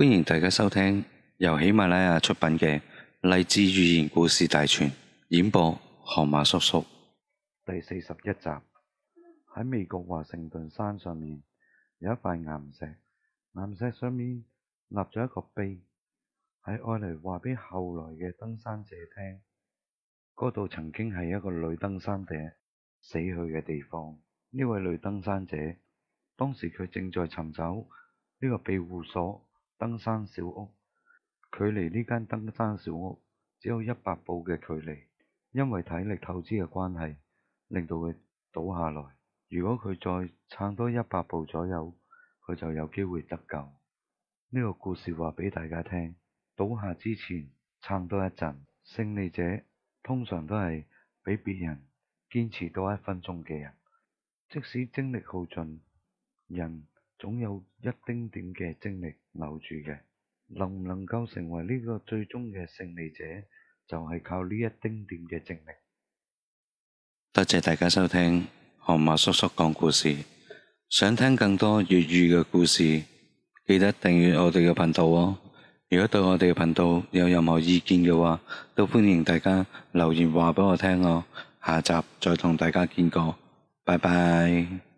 歡迎大家收聽由喜馬拉雅出品嘅《勵志寓言故事大全》，演播河馬叔叔。第四十一集，喺美國華盛頓山上面有一塊岩石，岩石上面立咗一個碑，喺愛嚟話俾後來嘅登山者聽，嗰度曾經係一個女登山者死去嘅地方。呢位女登山者當時佢正在尋找呢個庇護所。登山小屋，距離呢間登山小屋只有一百步嘅距離。因為體力透支嘅關係，令到佢倒下來。如果佢再撐多一百步左右，佢就有機會得救。呢個故事話俾大家聽：倒下之前撐多一陣，勝利者通常都係比別人堅持多一分鐘嘅人。即使精力耗盡，人。總有一丁點嘅精力留住嘅，能唔能夠成為呢個最終嘅勝利者，就係靠呢一丁點嘅精力。多謝大家收聽，河馬叔叔講故事。想聽更多粵語嘅故事，記得訂閱我哋嘅頻道哦。如果對我哋嘅頻道有任何意見嘅話，都歡迎大家留言話俾我聽哦。下集再同大家見過，拜拜。